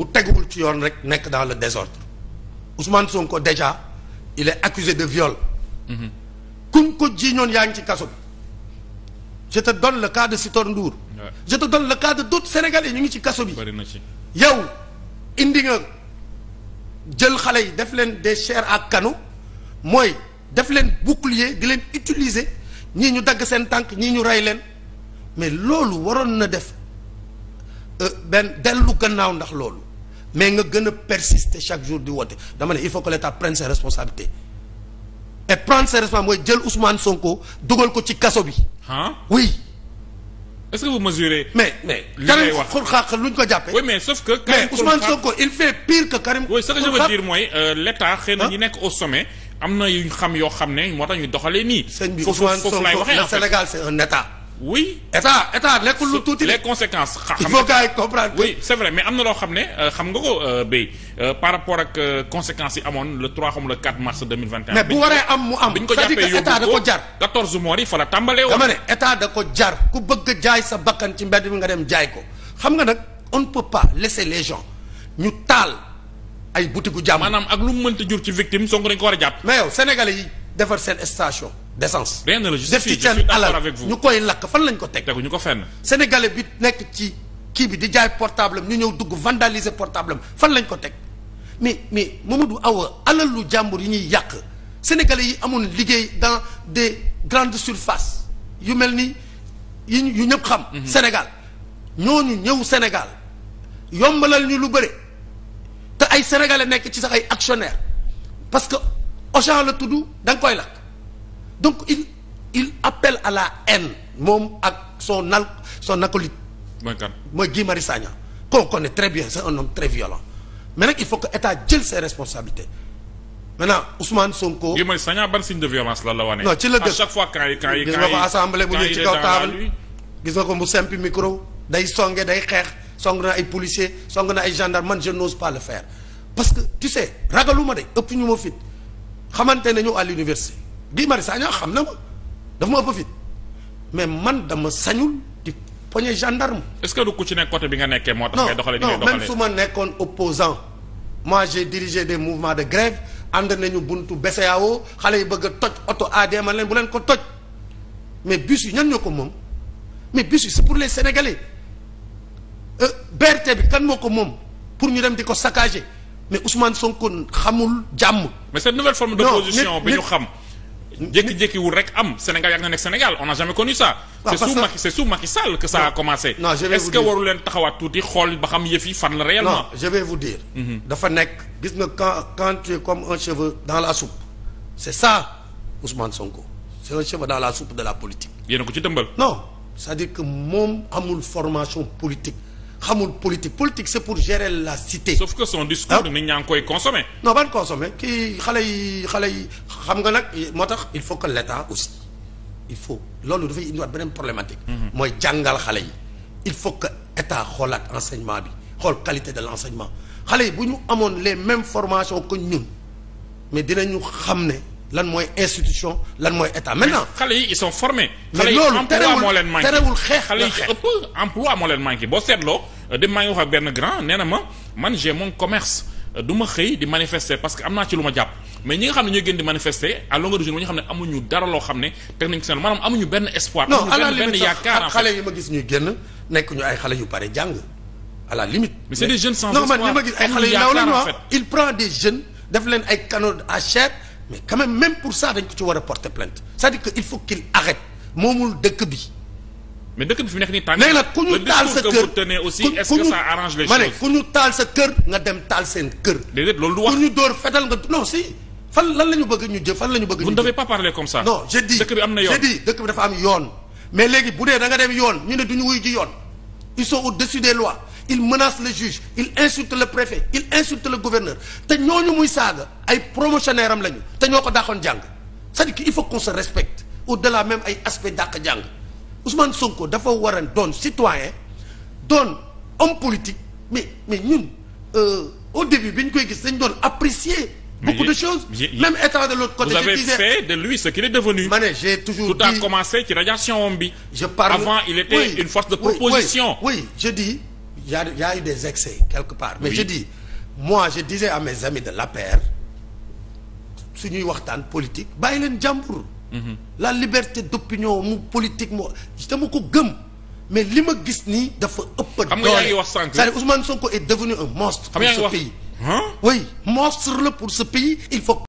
bu teguwul ci yoon rek nekk dans le désordre Ousmane Sonko déjà il est accusé de viol. Mhm. kuñ ko jiiñoon yaa ngi ci kaso bi. je te donne le cas de Sitor Ndour. je te donne le cas de d'autres ñu ngi ci kaso bi. bari na yow indi nga jël xale yi def leen des chairs ak kano mooy def leen bouclier di leen utiliser ñii ñu dagg seen tànk ñii ñu rey leen mais loolu waroon na def euh, benn dellu gannaaw ndax loolu. mais nga gën a persister chaque jour di woote dama ne il faut que l'État prenne ses responsabilités et prendre ses responsabilités mooy jël Ousmane Sonko dugal ko ci kaso bi. ah oui. est-ce que vous mesurez. mais mais ko jàppee. oui mais sauf que. Karim mais Sonko il fait pire que Karim. Khouroukha mooy euh, l'État xëy na ñu nekk au sommet. am na yu ñu xam yoo xam ne moo tax ñu doxalee nii. sëñ bi Ousmane Sonko le Sénégal c'est un État. oui état état nekkul lu tuuti. les conséquences xam il faut gars yi comprendre. oui c'est am na loo xam ne euh, xam nga ko euh, béy euh, par rapport ak conséquences yi amoon le trois xam le 4 mars 2021. mais bu waree am mu am. biñ ko jàppee yóbbu ko état da ko jar. 14 mois yi fa la tàmbalee woon. dama ne état da ko jar ku bëgg a jaay sa bakkan ci mbedd bi nga dem jaay ko xam nga nag on ne peut pas laisser les gens ñu taal ay boutique gu jàmm. maanaam ak lu mu mënta jur ci victime Sonko dañ ko war a jàpp. mais yow sénégalais yi defar seen station. d'essence. rien ne la def ci seen alal ñu koy lakk fan lañ ko teg. teguñu ko fenn. sénégalais bi nekk ci kii bi di jaay portable am ñu ñëw dugg vandaliser portable am fan lañ ko teg mais mais Mamadou Awa alal lu jàmbur yi ñuy yàq sénégalais yi amoon liggéey dans des grandes surfaces yu mel ni yi yu ñëpp xam. Mhm. Sénégal ñooñu ñëw Sénégal yombalal ñu lu bëre te ay sénégalais nekk ci sax ay actionnaires parce que Auchan la tudd da koy lakk. donc il il appelle à la haine moom ak son al son acolyte mooy kan mooy Guy Marius Sagna qu'on connaît très bien c'est un homme très violent mais nag il faut que état jël ses responsabilités maintenant Ousmane Sonko. Guy Marius Sagna ban signe de violence la la wane. non ci la à chaque fois quand yi quand yi gis nga ko assemblée mu ñëw ci gis nga ko mu sempi micro day songe day xeex song na ay policiers song na ay gendarmes man je n'ose pas le faire parce que tu sais ragaluma de ëpp ñu ma fit xamante nañu à l'université Guy Marius Sagna xam na ma dafa ma ëpp fit mais man dama sañul di poñe gendarme. est-ce que du ku ci nekk côté bi nga nekkee moo tax. ngay doxalee ni ngay su ma nekkoon opposant moi j'ai dirigé des mouvements de grève ànd nañu buntu bese BCEAO xale yi bëgg toj oto ADM man leen bu leen ko toj mais bus yi ñan ñoo ko moom mais bus yi c'est pour les sénégalais euh, BRT bi kan moo ko moom pour ñu dem di ko saccager mais Ousmane Sonko xamul jàmm. mais cette nouvelle forme d'opposition bi ñu xam. jékki-jékkiwul rek am Sénégal yàgg na nekk Sénégal on n'a jamais connu ça. waaw parce que c'est sous Macky c'est sous Macky Sall que ça a commencé. non je vais vous dire la réellement. non je vais vous dire. Mhm. dafa nekk gis nga quand comme un cheveu dans la soupe c'est ça Ousmane Sonko c'est un cheveu dans la soupe de la politique. yéen ko ci dëmbal. non c'est-à-dire que moom amul formation politique. xamul politique politique c'est pour gérer la cité. sauf que son discours. nit ñaa koy consommer. non ban consommer kii xale yi xale xam nga nag moo tax il faut que l' aussi il faut loolu dafay indiwaat beneen problématique. Mhm. mooy jàngal xale yi. il faut que état xoolaat enseignement bi xool qualité de l' enseignement xale yi bu ñu amoon les même formation que ñun mais ñu xam ne lan mooy institution lan mooy état maintenant. xale yi ils sont formés. mais loolu terewul terewul xeex xale yi ëpp emploi moo leen manqué boo seetloo euh, dem maa ngi wax ak benn grand nee na ma man j'ai mon commerce euh, du ma xëy di manifester parce que am naa ci lu ma jàpp. mais ñi nga xam ne ñooy gën di manifester à longueur de journée ñi nga xam ne amuñu dara loo xam ne teg nañ ko seen maanaam amuñu benn espoir. amuñu benn benn yaakaar non à la limite xale yi ma gis ñuy génn nekk ñu ay xale yu bare jàng à la limite. mais c'est des jeunes sans espoir non man li ma gis ay xale yu ndaw la ñu ah. il prend des jeunes def leen ay canaux à chair mais quand même même pour ça dañ ko ci war a porter plainte c'est-à-dire que il faut qu'il arrête moomul dëkk bi. mais dëkk bi fi nekk nii tànn. léegi nag ku ñu taal sa kër aussi est-ce que ça arrange les choses ma ne ku ñu taal sa kër nga dem taal seen kër. déedéet loolu du wax ku ñu dóor fetal nga non si. fan lan la ñu bëgg ñu jëf fan la ñu bëgg. ñu jëf vous ne devez pas parler comme ça. non j'ai dit dëkk bi dafa am yoon. mais léegi bu dee da nga dem yoon ñu ne duñu ñu wuy ji yoon ils sont au-dessus des lois ils menacent le juge ils insultent le préfet ils insultent le gouverneur te ñooñu muy saaga ay promotionnaire am lañu te ñoo ko daaxoon jàng sa à dire qu'il faut qu'on se respecte au-delà même ay aspect dàq jàng Ousmane Sonko dafa war a doon citoyen doon homme politique mais mais ñun euh, au début bi ñu koy gis dañ doon apprécier. beaucoup de choses. même état de l'autre côté. vous avez fait de lui ce qu'il est devenu. ne j'ai toujours dit tout a commencé ci radiation bi. je parle avant il était une force de proposition. oui je des excès quelque part. mais je dis moi je disais à mes amis de la suñuy waxtaan politique bàyyi leen jàmbur. Mhm. la liberté d'opinion mu politique mu dama ko gëm. mais li ma gis nii dafa ëpp. doole xam nga yaa ngi wax sànq. est devenu un monstre. xam ce pays. oui monstre la pour ce pays il faut